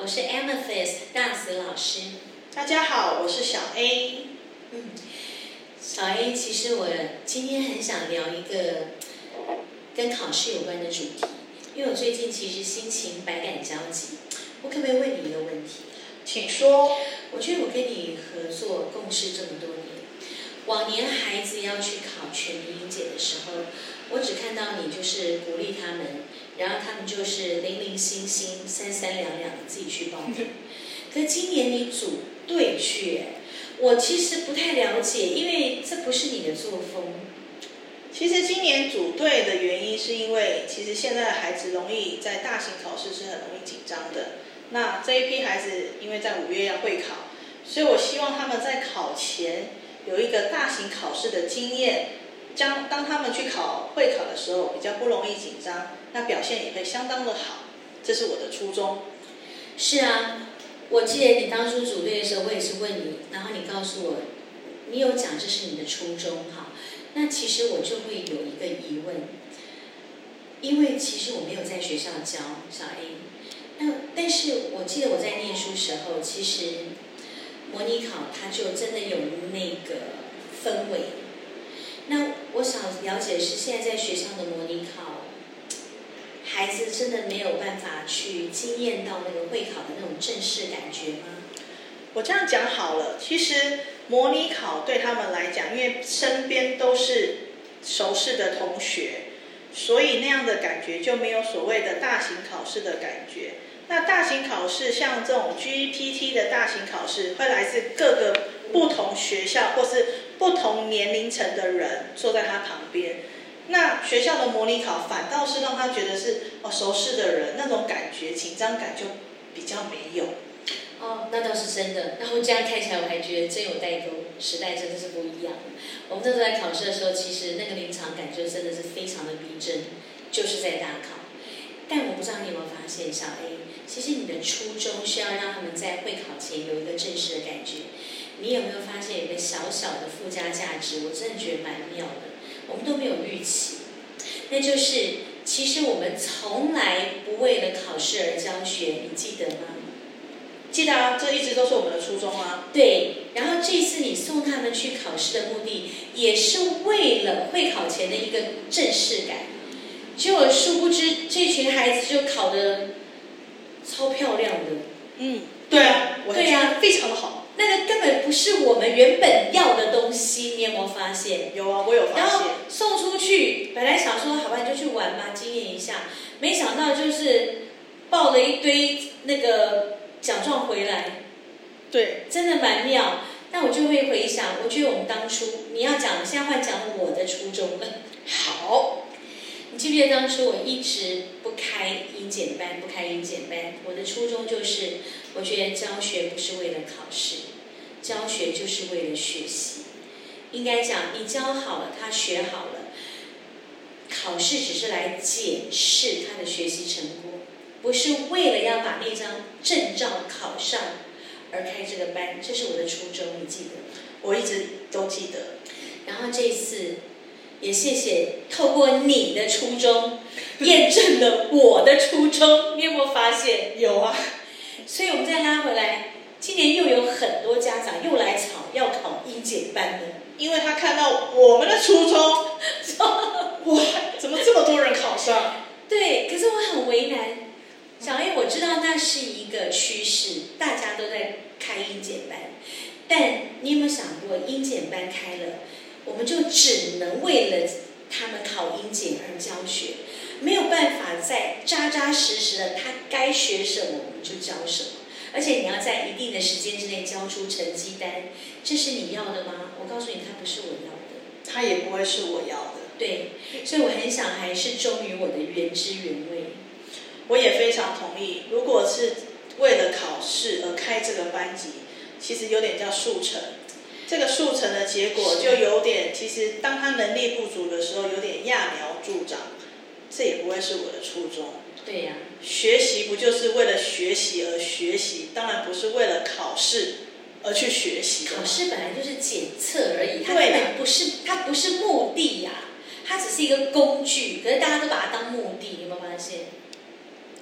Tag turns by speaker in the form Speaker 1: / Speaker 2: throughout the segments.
Speaker 1: 我是 Amethyst 大紫老師。大家好，我是小 A。嗯，小 A，其實我今天很想聊一個跟考試有關的主題，因為我最近其實心情百感交集。我可不可以問你一個問題？請說。我覺得我跟你合作共事這麼多年，往年孩子要去考全民英檢的時候，我只看到你就是鼓勵他們。然後他們就是零零星星、三三兩兩的自己去報名。可今年你組隊去，我其實不太了解，因為這不是你的作風。其實今年組隊的原因是因為，其實現在的孩子容易在大型考試是很容易緊張的。那這一批孩子因為在五月要會考，所以我希望他們在考前有一個大型考試的經驗。將當他們去考會考的時候，比較不容易緊張，那表現也會相當的好。這是我的初衷。是啊，我記得你當初組隊的時候，我也是問你，然後你告訴我，你有講這是你的初衷哈。那其實我就會有一個疑問，因為其實我沒有在學校教小 A，那但是我記得我在念書時候，其實模擬考它就真的有那個氛圍。那我想了解的是，現在在學校的模擬考，孩子真的沒有辦法去經驗到那個會考的那種正式感覺嗎？我這樣講好了，其實模擬考對他們來講，因為身邊都是熟識的同學，所以那樣的感覺就沒有所謂的大型考試的感覺。那大型考試像這種 GPT 的大型考試，會來自各個不同學校或是。不同年齡層的人坐在他旁邊，那學校的模擬考反倒是讓他覺得是哦，熟悉的人，那種感覺緊張感就比較沒有。哦，那倒是真的。然後這樣看起來，我還覺得真有代溝，時代真的是不一樣。我們那時候在考試的時候，其實那個臨場感覺真的是非常的逼真，就是在大考。但我不知道你有沒有發現，小 A，其實你的初衷是要讓他們在會考前有一個正式的感覺。你有沒有發現一個小小的附加價值？我真的覺得蠻妙的，我們都沒有預期，那就是其實我們從來不為了考試而教學，你記得嗎？記得啊，這一直都是我們的初衷啊。對，然後這次你送他們去考試的目的，也是為了會考前的一個正式感。結果我殊不知，這群孩子就考得超漂亮的。嗯，對啊，我對啊，非常的好。不是我們原本要的東西，你有沒有發現？有啊，我有發現。然後送出去，本來想說，好吧，你就去玩嘛，經驗一下。沒想到就是抱了一堆那個獎狀回來，對，真的蠻妙。但我就會回想，我覺得我們當初，你要講，現在換講我的初衷 好，你記不記得當初我一直不開英檢班，不開英檢班，我的初衷就是，我覺得教學不是為了考試。教學就是為了學習，應該講，你教好了，他學好了，考試只是來檢視他的學習成果，不是為了要把那張證照考上而開這個班，這是我的初衷，你記得？我一直都記得。嗯、然後這次也謝謝，透過你的初衷 驗證了我的初衷，你有沒有發現？ 有啊。所以，我們再拉回來。今年又有很多家長又來吵要考英檢班了，因為他看到我們的初衷。哇，怎麼這麼多人考上？ 對，可是我很為難。小 A，我知道那是一個趨勢，大家都在開英檢班，但你有沒有想過，英檢班開了，我們就只能為了他們考英檢而教學，沒有辦法再扎扎實實的，他該學什麼我們就教什麼。而且你要在一定的時間之內交出成績單，這是你要的嗎？我告訴你，它不是我要的。它也不會是我要的。對，所以我很想還是忠於我的原汁原味。我也非常同意，如果是為了考試而開這個班級，其實有點叫速成。這個速成的結果就有點，其實當他能力不足的時候，有點揠苗助長。這也不會是我的初衷。對呀、啊。學習不就是為了學習而學習？當然不是為了考試而去學習。考試本來就是檢測而已，對啊、它根本不是，它不是目的呀、啊，它只是一個工具。可是大家都把它當目的，你有沒有發現？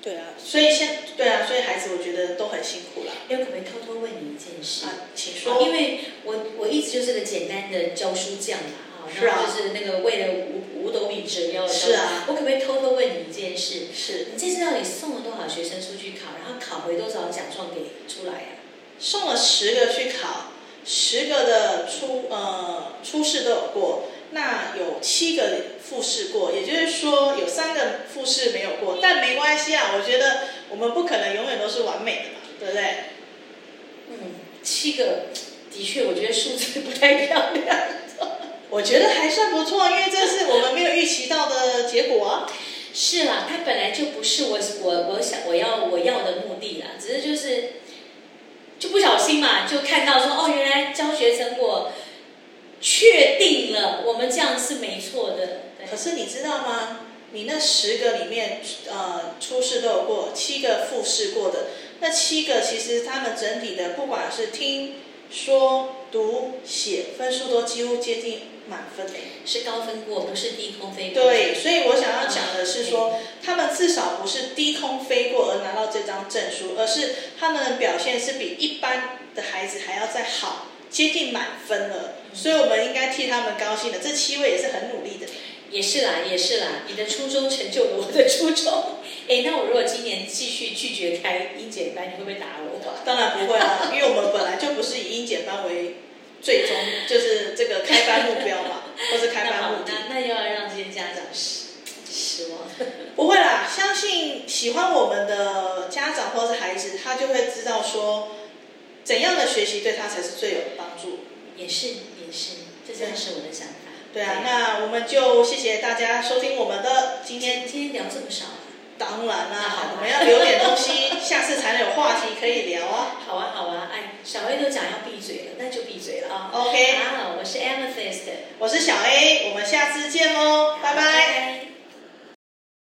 Speaker 1: 對啊。所以現，對啊，所以孩子我覺得都很辛苦了。可不可以偷偷問你一件事啊，請說。啊、因為我我一直就是個簡單的教書匠啊。然後就是那個為了五五斗米折腰的是啊。是啊，我可不可以偷偷問你一件事？是你這次到底送了多少學生出去考，然後考回多少獎狀給出來呀、啊？送了十個去考，十個的初呃、嗯、初試都有過，那有七個複試過，也就是說有三個複試沒有過。但沒關係啊，我覺得我們不可能永遠都是完美的嘛，對不對？嗯，七個的確，我覺得數字不太漂亮。我覺得還算不錯，因為這是我們沒有預期到的結果啊。 是啦，它本來就不是我我我想我要，我要我要的目的啦。只是就是就不小心嘛，就看到說哦，原來教學成果確定了，我們這樣是沒錯的。可是你知道嗎？你那十個裡面，呃，初試都有過，七個複試過的，那七個其實他們整體的，不管是聽。說讀寫分數都幾乎接近滿分嘞，是高分過，不是低空飛過。對，所以我想要講的是說，哦，他們至少不是低空飛過而拿到這張證書，而是他們的表現是比一般的孩子還要再好，接近滿分了。嗯，所以我們應該替他們高興的，這七位也是很努力的。也是啦，也是啦，你的初衷成就我的初衷。哎、欸，那我如果今年繼續拒絕開英檢班，你會不會打我、啊？當然不會啊，因為我們本來就不是以英檢班為最終， 就是這個開班目標嘛， 或者開班目標， 那那，那又要讓這些家長失失望？ 不會啦，相信喜歡我們的家長或者是孩子，他就會知道說怎樣的學習對他才是最有幫助。也是也是，就這就是我的想法。對啊，那我們就謝謝大家收聽我們的今天。今天聊這麼少。當然啦、好啊，好啊，我們要留點東西， 下次才能有話題可以聊啊。好啊，好啊，哎，小 A 都講要閉嘴了，那就閉嘴了啊。OK。啊，我是 Amethyst。我是小 A，我們下次見嘍、哦，okay. 拜拜。Okay.